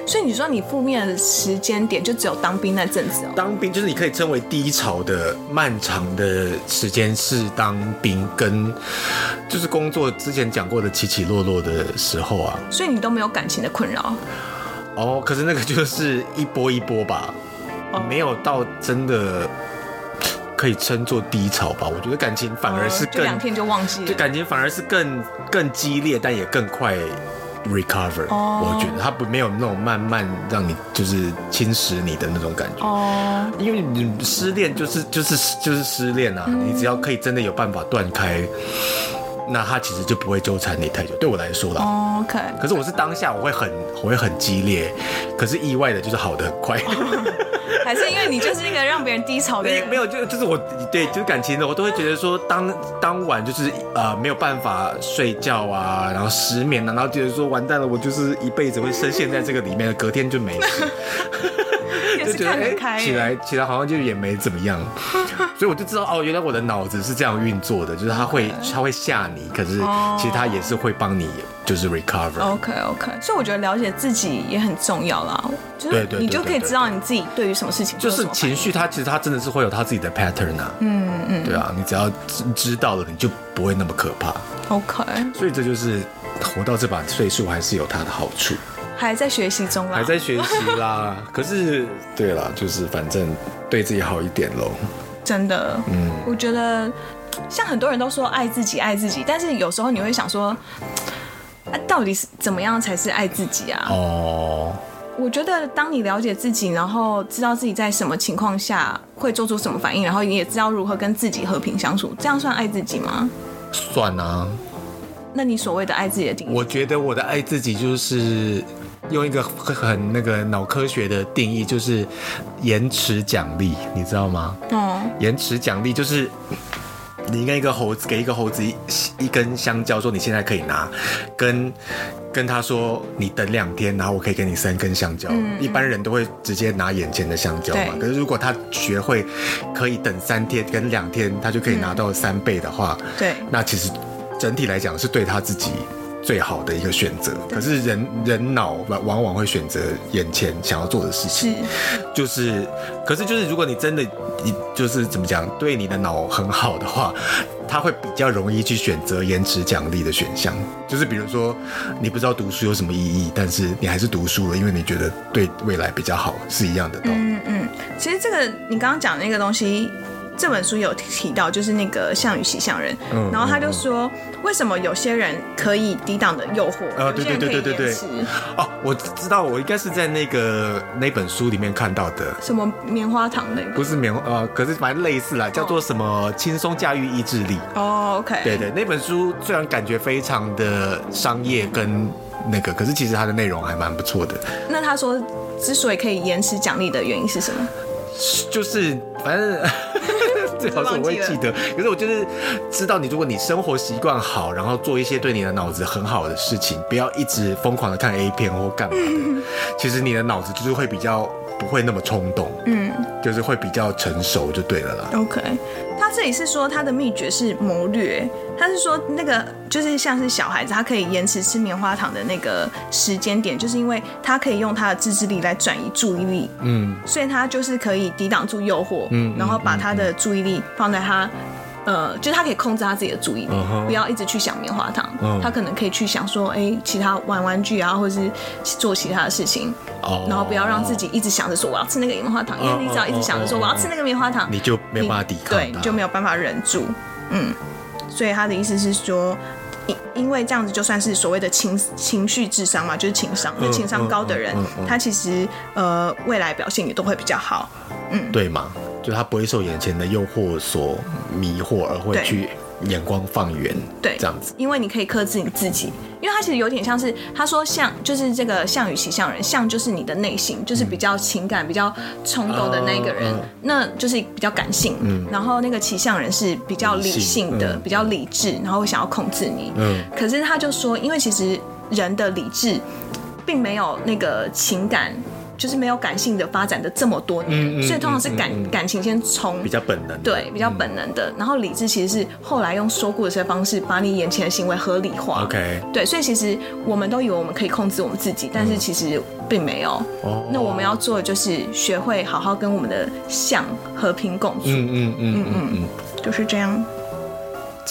所以你說你負面的時間點就只有當兵那陣子哦？當兵就是你可以稱為低潮的漫長的時間是當兵，跟就是工作之前講過的起起落落的時候啊。所以你都沒有感情的困擾？哦，可是那個就是一波一波吧，oh. 沒有到真的可以稱作低潮吧？我覺得感情反而是這、oh. 兩天就忘記了，就感情反而是更更激烈，但也更快 recover、oh.。我覺得他不沒有那種慢慢讓你就是侵蝕你的那種感覺哦，oh. 因為你失戀就是就是就是失戀啊，mm. 你只要可以真的有辦法斷開，那他其實就不會糾纏你太久。對我來說啦。Oh. 可可是我是當下我會很，我會很激烈，可是意外的就是好的很快。哦，還是因為你就是那個讓別人低潮的， 沒有就就是我對就是感情的，我都會覺得說當當晚就是呃沒有辦法睡覺啊，然後失眠，然後覺得說完蛋了，我就是一輩子會深陷，陷在這個裡面，隔天就沒事。 對對對是起來，起來，好像就也沒怎麼樣， 所以我就知道哦，原來我的腦子是這樣運作的，就是他會，他、okay. 會嚇你，可是其實他也是會幫你，就是 recover。OK，OK，、okay, okay. 所以我覺得了解自己也很重要啦，就是你就可以知道你自己對於什麼事情麼就是情緒它，它其實它真的是會有他自己的 pattern 啊。嗯嗯，對啊，你只要知道了，你就不會那麼可怕。OK，所以這就是活到這把歲數還是有它的好處。還在學習中啦，還在學習啦。 可是，對啦，就是反正對自己好一點嘍。真的，嗯，我覺得像很多人都說，愛自己，愛自己，但是有時候你會想說，啊，到底是怎麼樣才是愛自己啊？哦，我覺得當你了解自己，然後知道自己在什麼情況下會做出什麼反應，然後你也知道如何跟自己和平相處，這樣算愛自己嗎？算啊。那你所謂的愛自己的定義，我覺得我的愛自己就是。用一個很那個腦科學的定義，就是延遲獎勵，你知道嗎？嗯。延遲獎勵就是你跟一個猴子給一個猴子一一根香蕉，說你現在可以拿，跟跟他說你等兩天，然後我可以給你三根香蕉。嗯。一般人都會直接拿眼前的香蕉嘛，可是如果他學會可以等三天跟兩天，他就可以拿到三倍的話，嗯。對。那其實整體來講是對他自己。嗯。最好的一個選擇，可是人人腦往往會選擇眼前想要做的事情，是，就是，可是就是，如果你真的，就是怎麼講，對你的腦很好的話，他會比較容易去選擇延遲獎勵的選項，就是比如說，你不知道讀書有什麼意義，但是你還是讀書了，因為你覺得對未來比較好，是一樣的道理。嗯嗯，其實這個你剛剛講的那個東西。這本書有提到，就是那個象與騎象人，嗯、然後他就說，為什麼有些人可以抵擋的誘惑？啊、嗯嗯，對對對對對對。哦，我知道，我應該是在那個那本書裡面看到的。什麼棉花糖那個？不是棉花，呃，可是蠻類似啦，叫做什麼輕鬆駕馭意志力。哦，OK。對對，那本書雖然感覺非常的商業跟那個，可是其實它的內容還蠻不錯的。那他說，之所以可以延遲獎勵的原因是什麼？是就是反正。 最好是我會記得，可是我就是知道你，如果你生活習慣好，然後做一些對你的腦子很好的事情，不要一直瘋狂的看 A 片或幹嘛的，嗯，其實你的腦子就是會比較不會那麼衝動，嗯，就是會比較成熟就對了啦。OK。他這裡是說他的秘訣是謀略，他是說那個就是像是小孩子，他可以延遲吃棉花糖的那個時間點，就是因為他可以用他的自制力來轉移注意力，嗯，所以他就是可以抵擋住誘惑，嗯，嗯，嗯，嗯，然後把他的注意力放在他。呃，就是他可以控制他自己的注意力，不要一直去想棉花糖。他可能可以去想說，哎，其他玩玩具啊，或者是做其他的事情，然後不要讓自己一直想着說我要吃那個棉花糖。因為你只要一直想着說我要吃那個棉花糖，你就沒有辦法抵抗，對，你就沒有辦法忍住。嗯，所以他的意思是說。因為這樣子就算是所謂的情情緒智商嘛，就是情商。嗯、情商高的人，嗯嗯嗯、他其實呃未來表現也都會比較好，嗯，對嗎？就他不會受眼前的誘惑所迷惑，而會去。眼光放遠，對，這樣子，因為你可以克制你自己，因為他其實有點像是他說像就是這個象與騎象人，像就是你的內心、嗯，就是比較情感、比較衝動的那個人、嗯，那就是比較感性。嗯。然後那個騎象人是比較理性的、性嗯、比較理智，然後我想要控制你。嗯。可是他就說，因為其實人的理智，並沒有那個情感。就是沒有感性的發展的這麼多年，嗯嗯、所以通常是感、嗯嗯嗯、感情先從比較本能，對比較本能的，本能的、嗯，然後理智其實是後來用說過的這些方式把你眼前的行為合理化。OK，對，所以其實我們都以為我們可以控制我們自己，嗯、但是其實並沒有、哦。那我們要做的就是學會好好跟我們的相和平共處。嗯嗯嗯嗯嗯，就是這樣。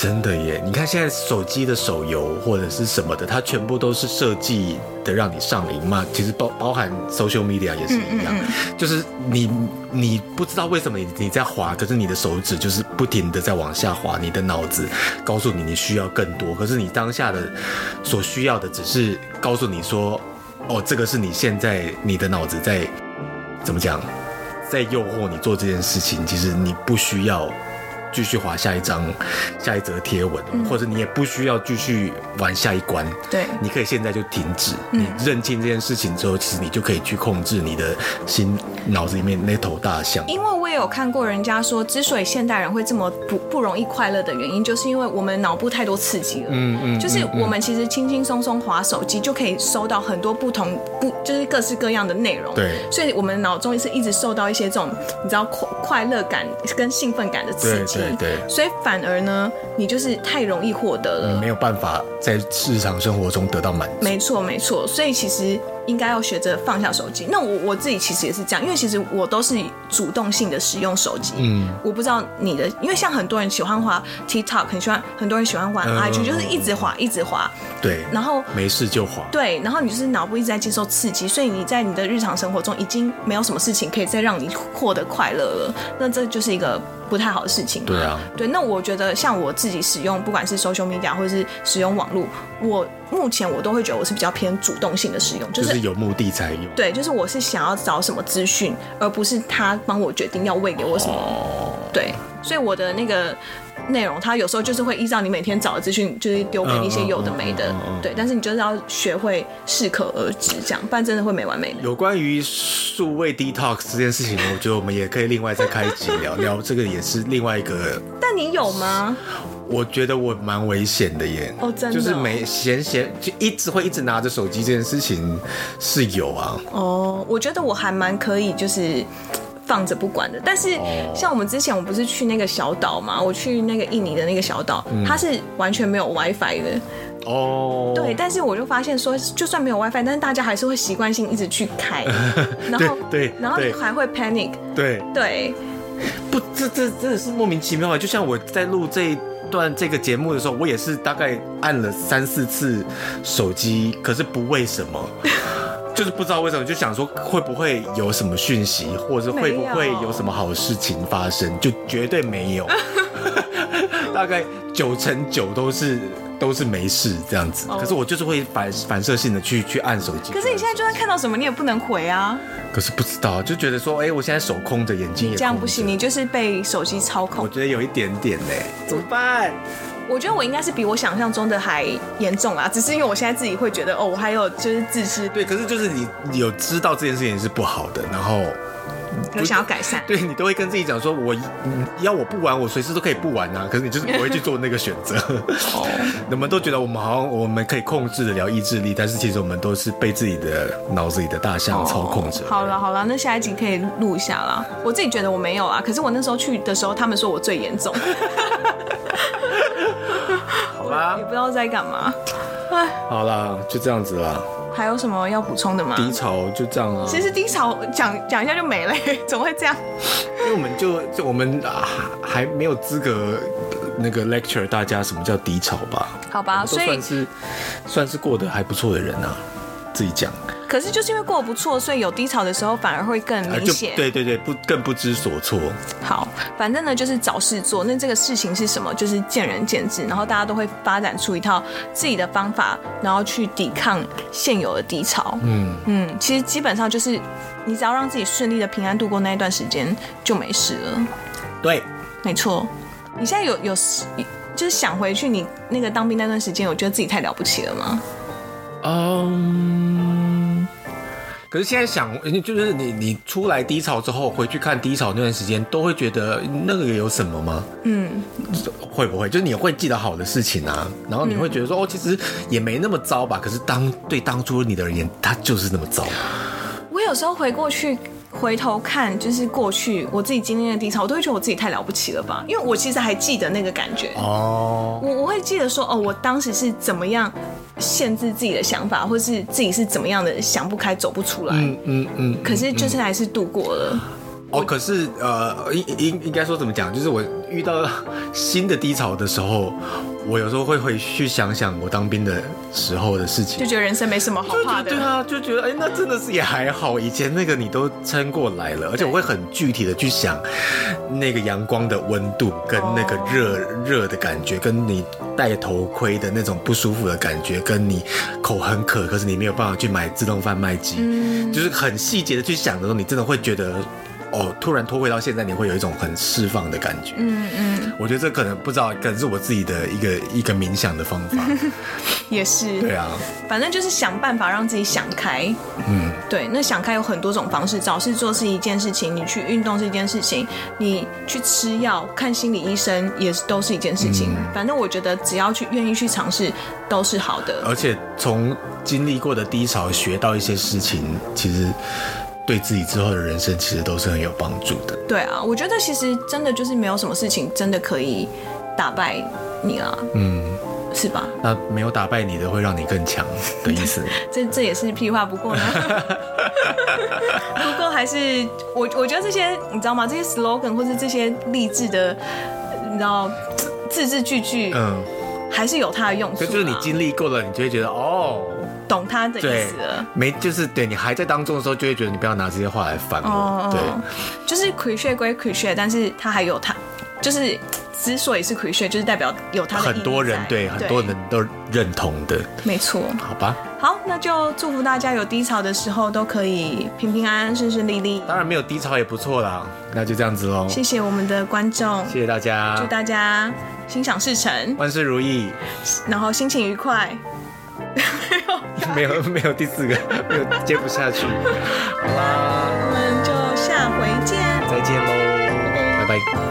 真的耶！你看現在手機的手遊或者是什麼的，它全部都是設計的，讓你上癮嘛。其實包包含 social media 也是一樣，嗯嗯嗯就是你你不知道為什麼你你在滑，可是你的手指就是不停的在往下滑。你的腦子告訴你你需要更多，可是你當下的所需要的只是告訴你說，哦，這個是你現在你的腦子在怎麼講，在誘惑你做這件事情。其實你不需要。繼續劃下一張，下一則貼文，或者你也不需要繼續玩下一關。對、嗯，你可以現在就停止。你認清這件事情之後，其實你就可以去控制你的心、腦子裡面那頭大象。因為。也有看過人家說，之所以現代人會這麼不不容易快樂的原因，就是因為我們腦部太多刺激了。嗯嗯，就是我們其實輕輕鬆鬆滑手機，就可以收到很多不同不，就是各式各樣的內容。對，所以我們腦中是一直受到一些這種你知道快快樂感跟興奮感的刺激。對對對。所以反而呢，你就是太容易獲得了，嗯、沒有辦法在日常生活中得到滿足。沒錯沒錯，所以其實。應該要學着放下手機。那我我自己其實也是這樣，因為其實我都是主動性的使用手機。嗯，我不知道你的，因為像很多人喜歡滑 TikTok，很喜歡，很多人喜歡玩 IG，呃，就是一直滑，一直滑。對。然後沒事就滑。對，然後你就是腦部一直在接受刺激，所以你在你的日常生活中已經沒有什麼事情可以再讓你獲得快樂了。那這就是一個。不太好的事情，對啊，對，那我覺得像我自己使用，不管是 SOCIAL MEDIA 或是使用網絡，我目前我都會覺得我是比較偏主動性的使用，就是、就是、有目的才用，對，就是我是想要找什麼資訊，而不是他幫我決定要餵給我什麼。哦，對，所以我的那個。內容，它有時候就是會依照你每天找的資訊，就是丟給你一些有的沒的。嗯嗯嗯嗯嗯嗯嗯，對。但是你就是要學會適可而止，這樣，不然真的會沒完沒了。有關於數位 detox 這件事情，我覺得我們也可以另外再開一集聊聊， 這個也是另外一個。但你有嗎？我覺得我蠻危險的耶。哦，真的哦？就是沒閒閒就一直會一直拿着手機，這件事情是有啊。哦，我覺得我還蠻可以，就是。放着不管的，但是像我們之前，我不是去那個小島嘛？Oh. 我去那個印尼的那個小島，嗯，它是完全沒有 WiFi 的。哦，oh，對，但是我就發現說，就算沒有 WiFi，但是大家還是會習慣性一直去開， 然後對，對，然後你還會 panic 對。對對，不，這這真的是莫名其妙啊！就像我在錄這一段這個節目的時候，我也是大概按了三四次手機，可是不為什麼。 就是不知道為什麼，就想說會不會有什麼訊息，或者會不會有什麼好事情發生？就絕對沒有， 大概九成九都是都是沒事這樣子。Oh. 可是我就是會反反射性的去去按手機。可是你現在就算看到什麼，你也不能回啊。可是不知道，就覺得說，哎、欸，我現在手空着，眼睛也這樣不行。你就是被手機操控。我覺得有一點點呢、欸。怎麼辦？我覺得我應該是比我想象中的還嚴重啦，只是因為我現在自己會覺得，哦，我還有就是自私。對，可是就是你有知道這件事情是不好的，然後有想要改善，對你都會跟自己講說，我要我不玩，我隨時都可以不玩啊。可是你就是不會去做那個選擇。我 們都覺得我們好像我們可以控制得了意志力，但是其實我們都是被自己的腦子裡的大象操控着、哦。好了好了，那下一集可以錄一下啦。我自己覺得我沒有啊，可是我那時候去的時候，他們說我最嚴重。 也不知道在幹嘛，哎，好啦，就這樣子啦。還有什麼要補充的嗎？低潮就這樣啊。其實低潮講講一下就沒嘞，怎麼會這樣？因為我們就就我們還還沒有資格那個 lecture 大家什麼叫低潮吧。好吧，所以算是算是過得還不錯的人吶、啊，自己講。可是就是因為過得不錯，所以有低潮的時候反而會更明顯。對對對，不更不知所措。好，反正呢就是找事做。那這個事情是什麼？就是見仁見智，然後大家都會發展出一套自己的方法，然後去抵抗現有的低潮。嗯嗯，其實基本上就是你只要讓自己順利的平安度過那一段時間就沒事了。對，沒錯。你現在有有就是想回去你那個當兵那段時間，我覺得自己太了不起了嗎？嗯、um...。可是現在想，就是你你出來低潮之後回去看低潮那段時間，都會覺得那個有什麼嗎？嗯，會不會就是你會記得好的事情啊？然後你會覺得說、嗯、哦，其實也沒那麼糟吧？可是當，對當初你的而言，他就是那麼糟。我有時候回過去。回頭看，就是過去我自己經歷的低潮，我都會覺得我自己太了不起了吧，因為我其實還記得那個感覺。哦，我我會記得說，哦，我當時是怎麼樣限制自己的想法，或是自己是怎麼樣的想不開走不出來。嗯嗯，嗯，嗯，嗯。可是就是還是度過了。哦，可是呃，應應應該說怎麼講？就是我遇到新的低潮的時候。我有時候會回去想想我當兵的時候的事情，就覺得人生沒什麼好怕的。對啊，就覺得哎、欸，那真的是也還好。以前那個你都撐過來了，而且我會很具體的去想那個陽光的溫度跟那個熱熱的感覺，跟你戴頭盔的那種不舒服的感覺，跟你口很渴，可是你沒有辦法去買自動販賣機。嗯，就是很細節的去想的時候，你真的會覺得。哦，突然拖回到現在，你會有一種很釋放的感覺。嗯嗯，我覺得這可能不知道，可能是我自己的一個一個冥想的方法。也是。對啊。反正就是想辦法讓自己想開。嗯。對，那想開有很多種方式，找事做是一件事情，你去運動是一件事情，你去吃藥、看心理醫生也是都是一件事情。嗯。反正我覺得只要去願意去嘗試，都是好的。而且從經歷過的低潮學到一些事情，其實。對自己之後的人生，其實都是很有幫助的。對啊，我覺得其實真的就是沒有什麼事情真的可以打敗你啊。嗯，是吧？那、啊、沒有打敗你的，會讓你更強的意思。這這也是屁話，不過呢， 不過還是我我覺得這些，你知道嗎？這些 slogan 或是這些勵志的，你知道字字句句，嗯，還是有它的用處、啊。嗯、就，就是你經歷過了，你就會覺得哦。懂他的意思了，沒就是對你還在當中的時候，就會覺得你不要拿這些話來煩我。哦、對，就是 cliché 歸 cliché，但是他還有他，就是之所以是 cliché，就是代表有他的。很多人對，對很多人都認同的，沒錯。好吧，好，那就祝福大家有低潮的時候都可以平平安安、順順利利。當然沒有低潮也不錯啦，那就這樣子嘍。謝謝我們的觀眾，謝謝大家，祝大家心想事成，萬事如意，然後心情愉快。 沒有，沒有第四個，沒有接不下去， 好啦，我們就下回見，再見嘍，拜拜。